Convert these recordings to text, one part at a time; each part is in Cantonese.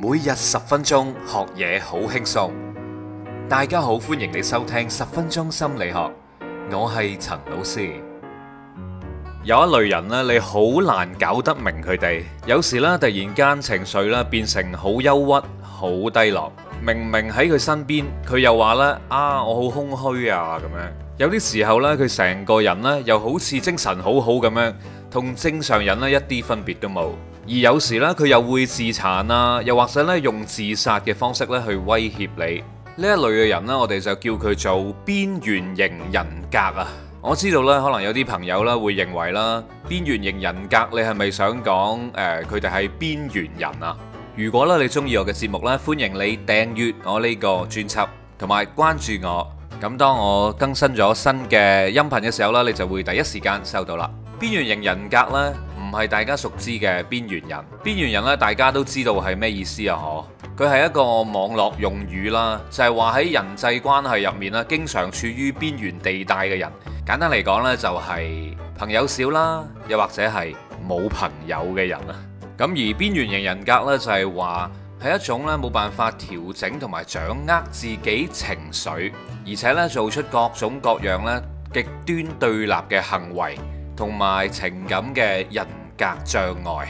每日十分鐘學嘢好輕鬆，大家好，歡迎你收聽十分鐘心理學，我係陳老師。有一類人呢，你好難搞得明佢哋。有時呢，突然間情緒咧變成好憂鬱、好低落，明明喺佢身邊，佢又話呢：「啊，我好空虛啊」咁樣。有啲時候呢，佢成個人呢又好似精神好好咁樣，同正常人呢一啲分別都冇。而有時咧，佢又會自殘啊，又或者咧用自殺嘅方式咧去威脅你。呢一類嘅人呢，我哋就叫佢做邊緣型人格啊。我知道呢，可能有啲朋友呢會認為啦，邊緣型人格，你係咪想講誒佢哋係邊緣人啊？如果咧你中意我嘅節目呢，歡迎你訂閱我呢個專輯，同埋關注我。咁當我更新咗新嘅音頻嘅時候呢，你就會第一時間收到啦。邊緣型人格呢，唔係大家熟知嘅邊緣人。邊緣人咧，大家都知道係咩意思啊？嗬，佢係一個網絡用語啦，就係話喺人際關係入面啦，經常處於邊緣地帶嘅人。簡單嚟講咧，就係朋友少啦，又或者係冇朋友嘅人啊，咁而邊緣型人格咧，就係話係一種咧冇辦法調整同埋掌握自己情緒，而且咧做出各種各樣咧極端對立嘅行為同埋情感嘅人。格障礙，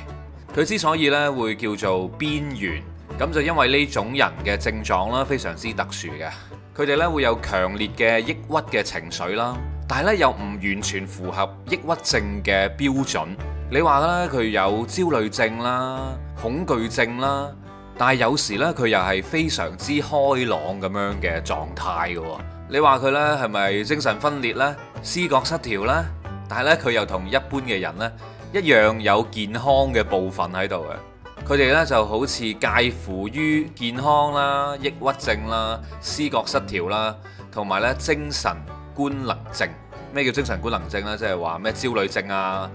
佢之所以咧會叫做邊緣咁，就因為呢種人嘅症狀啦，非常之特殊嘅。佢哋咧會有強烈嘅抑鬱嘅情緒啦，但係咧又唔完全符合抑鬱症嘅標準。你話咧佢有焦慮症啦、恐懼症啦，但係有時咧佢又係非常之開朗咁樣嘅狀態嘅。你話佢咧係咪精神分裂啦、思覺失調啦？但係咧佢又同一般嘅人咧，一樣有健康嘅部分喺度嘅，佢哋咧就好似介乎於健康啦、抑鬱症啦、思覺失調啦，同埋咧精神官能症。咩叫精神官能症咧？即係話咩焦慮症啊、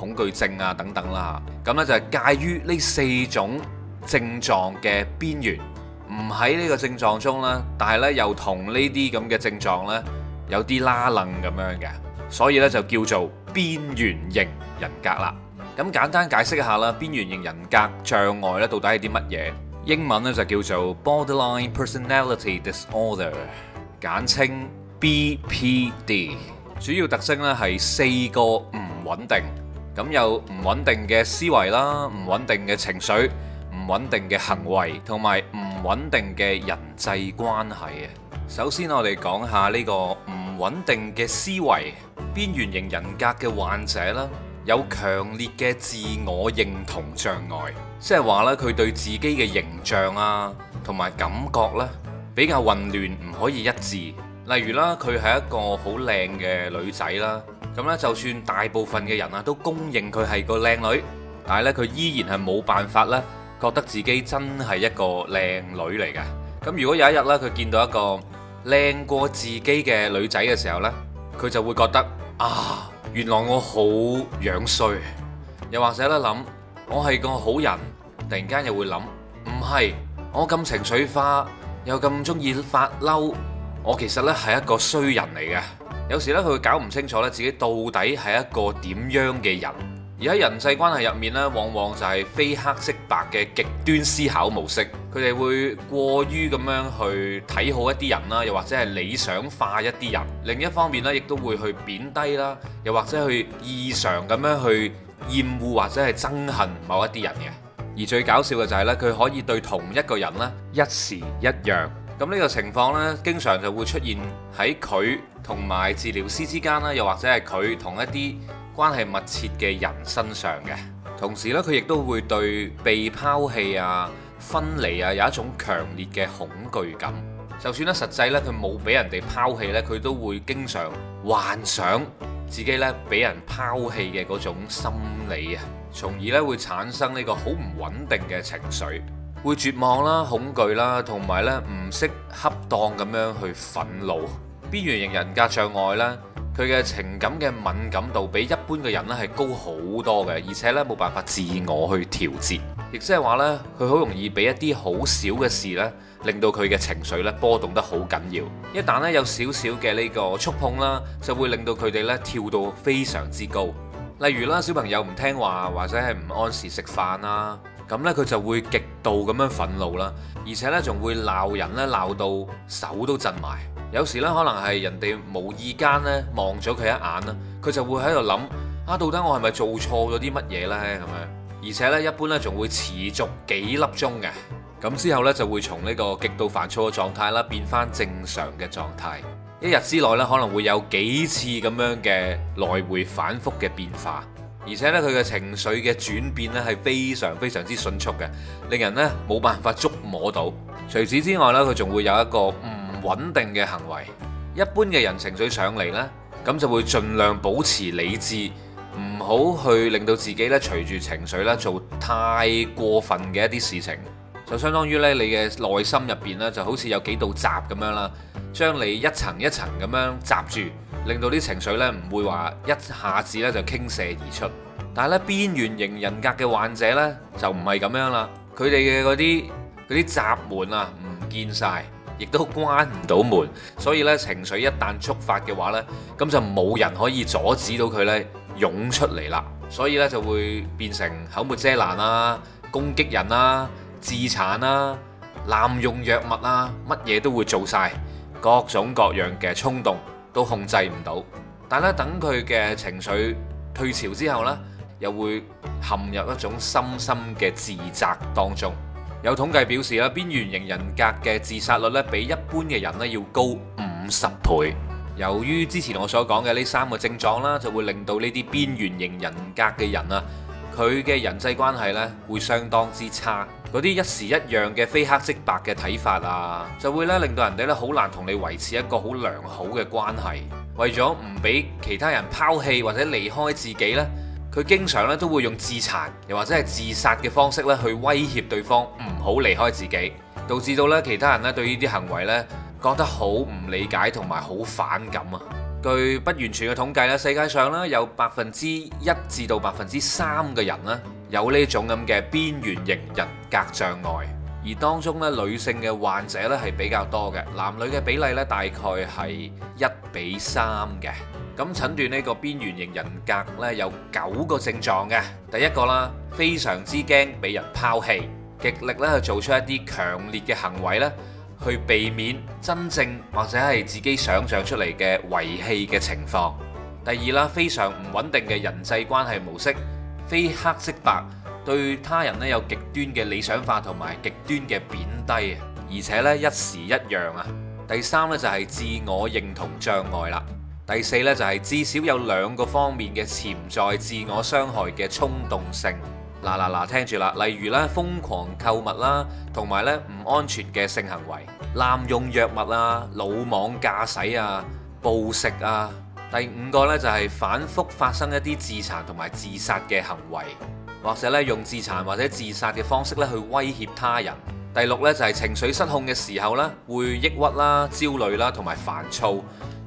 恐懼症啊等等啦嚇。咁咧就係介於呢四種症狀嘅邊緣，唔喺呢個症狀中咧，但係咧又同呢啲咁嘅症狀咧有啲拉楞咁樣嘅，所以咧就叫做，邊緣型人格啦，咁簡單解釋一下啦。邊緣型人格障礙咧，到底係啲乜嘢？英文咧就叫做 Borderline Personality Disorder，簡稱 BPD。主要特徵咧係四個唔穩定，咁有唔穩定嘅思維啦，唔穩定嘅情緒，唔穩定嘅行為，同埋唔穩定嘅人際關係啊。首先我哋講下呢個唔穩定嘅思維。邊緣型人格嘅患者啦，有強烈嘅自我認同障礙，即係話呢，佢對自己嘅形象啊，同埋感覺呢比較混亂，唔可以一致。例如啦，佢係一個好靚嘅女仔啦，咁呢就算大部分嘅人啊都公認佢係個靚女，但係呢佢依然係冇辦法呢，覺得自己真係一個靚女嚟嘅。咁如果有一日啦，佢見到一個靚過自己嘅女仔嘅時候呢，佢就會覺得。啊！原來我好樣衰，又或者咧，諗我係個好人，突然間又會諗唔係，我咁情緒化，又咁中意發嬲，我其實呢係一個衰人嚟嘅。有時呢，佢搞唔清楚咧，自己到底係一個點樣嘅人。而喺人際關係入面咧，往往就係非黑即白嘅極端思考模式。佢哋會過於咁樣去睇好一啲人啦，又或者係理想化一啲人；另一方面咧，亦都會去貶低啦，又或者去異常咁樣去厭惡或者係憎恨某一啲人嘅。而最搞笑嘅就係咧，佢可以對同一個人呢一時一樣。咁呢個情況呢，經常就會出現喺佢同埋治療師之間啦，又或者係佢同一啲關係密切嘅人身上嘅，同時呢，佢亦都會對被拋棄啊、分離啊有一種強烈嘅恐懼感。就算呢實際呢，佢冇俾人哋拋棄呢，佢都會經常幻想自己呢俾人拋棄嘅嗰種心理啊，從而呢會產生呢個好唔穩定嘅情緒，會絕望啦、恐懼啦，同埋呢唔識恰當咁樣去憤怒。邊緣型人格障礙呢，佢嘅情感嘅敏感度比一般嘅人咧係高好多嘅，而且咧冇辦法自我去調節，亦即係話呢，佢好容易俾一啲好小嘅事呢，令到佢嘅情緒咧波動得好緊要。一旦呢，有少少嘅呢個觸碰啦，就會令到佢哋呢跳到非常之高。例如啦，小朋友唔聽話或者係唔按時食飯啦，咁呢，佢就會極度咁樣憤怒啦，而且呢，仲會鬧人咧，鬧到手都震埋。有時咧，可能係人哋無意間咧望咗佢一眼啦，佢就會喺度諗「啊，到底我係咪做錯咗啲乜嘢呢？」咁樣，而且咧一般咧仲會持續幾粒鐘嘅，咁之後呢，就會從呢個極度煩躁嘅狀態啦變翻正常嘅狀態。一日之內呢，可能會有幾次咁樣嘅來回反覆嘅變化，而且呢，佢嘅情緒嘅轉變咧係非常非常之迅速嘅，令人呢冇辦法捉摸到。除此之外呢，佢仲會有一個穩定嘅行為，一般嘅人情緒上嚟呢，咁就會盡量保持理智，唔好去令到自己咧隨住情緒咧做太過分嘅一啲事情，就相當於咧你嘅內心入邊呢，就好似有幾道閘咁樣啦，將你一層一層咁樣閘住，令到啲情緒呢唔會話一下子咧就傾瀉而出。但係咧邊緣型人格嘅患者呢，就唔係咁樣啦，佢哋嘅嗰啲嗰啲閘門啊唔見晒。亦都關唔到門，所以咧情緒一旦觸發嘅話咧，咁就冇人可以阻止到佢咧湧出嚟啦。所以咧就會變成口無遮攔啊，攻擊人啊，自殘啊，濫用藥物啊，乜嘢都會做晒，各種各樣嘅衝動都控制唔到。但係等佢嘅情緒退潮之後呢，又會陷入一種深深嘅自責當中。有統計表示啦，邊緣型人格嘅自殺率咧，比一般嘅人咧要高五十倍。由於之前我所講嘅呢三個症狀啦，就會令到呢啲邊緣型人格嘅人啊，佢嘅人際關係咧會相當之差。嗰啲一時一樣嘅非黑即白嘅睇法啊，就會咧令到人哋咧好難同你維持一個好良好嘅關係。為咗唔俾其他人拋棄或者離開自己咧，佢經常咧都會用自殘又或者係自殺嘅方式咧去威脅對方唔好離開自己，導致到咧其他人咧對呢啲行為咧覺得好唔理解同埋好反感啊！據不完全嘅統計咧，世界上咧有百分之一至到百分之三嘅人咧有呢種咁嘅邊緣型人格障礙，而當中咧女性嘅患者咧係比較多嘅，男女嘅比例咧大概係一比三嘅。咁診斷呢個邊緣型人格呢有九個症狀嘅，第一個啦，非常之驚俾人拋棄，極力咧去做出一啲強烈嘅行為呢，去避免真正或者係自己想象出嚟嘅遺棄嘅情況。第二啦，非常唔穩定嘅人際關係模式，非黑即白，對他人呢有極端嘅理想化同埋極端嘅貶低，而且呢一時一樣啊。第三呢就係自我認同障礙啦。第四咧就係至少有兩個方面嘅潛在自我傷害嘅衝動性，嗱嗱嗱，聽住啦，例如咧瘋狂購物啦，同埋咧唔安全嘅性行為、濫用藥物啊、魯莽駕駛啊、暴食啊。第五個咧就係反覆發生一啲自殘同埋自殺嘅行為，或者咧用自殘或者自殺嘅方式咧去威脅他人。第六咧就係情緒失控嘅時候咧會抑鬱啦、焦慮啦同埋煩躁。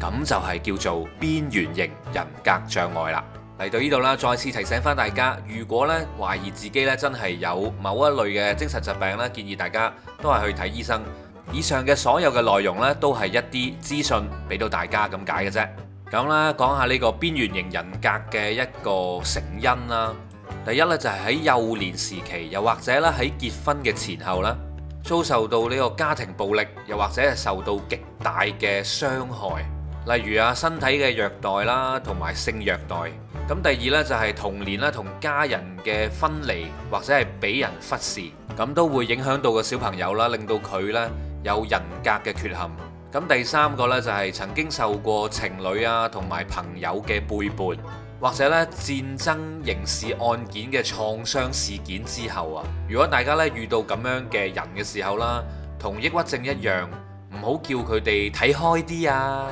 咁就係叫做邊緣型人格障礙啦。嚟到呢度啦，再次提醒翻大家，如果呢懷疑自己呢真係有某一類嘅精神疾病咧，建議大家都係去睇醫生。以上嘅所有嘅內容呢，都係一啲資訊俾到大家咁解嘅啫。咁啦，講下呢個邊緣型人格嘅一個成因啦。第一呢，就係喺幼年時期，又或者咧喺結婚嘅前後啦，遭受到呢個家庭暴力，又或者係受到極大嘅傷害。例如啊，身體嘅虐待啦，同埋性虐待。咁第二呢，就係童年呢同家人嘅分離，或者係俾人忽視，咁都會影響到個小朋友啦，令到佢呢有人格嘅缺陷。咁第三個呢，就係曾經受過情侶啊同埋朋友嘅背叛，或者呢戰爭刑事案件嘅創傷事件之後啊。如果大家呢遇到咁樣嘅人嘅時候啦，同抑鬱症一樣，唔好叫佢哋睇開啲啊。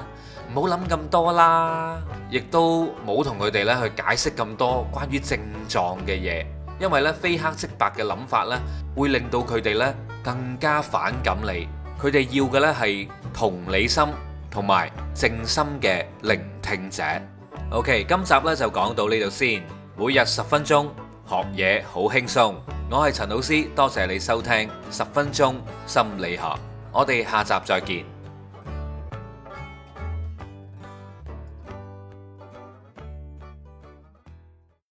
唔好諗咁多啦，亦都冇同佢哋咧去解釋咁多關於症狀嘅嘢，因為咧非黑即白嘅諗法咧會令到佢哋咧更加反感你。佢哋要嘅咧係同理心同埋靜心嘅聆聽者。OK，今集咧就講到呢度先。每日十分鐘學嘢好輕鬆，我係陳老師，多謝你收聽十分鐘心理學，我哋下集再見。